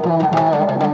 Gracias.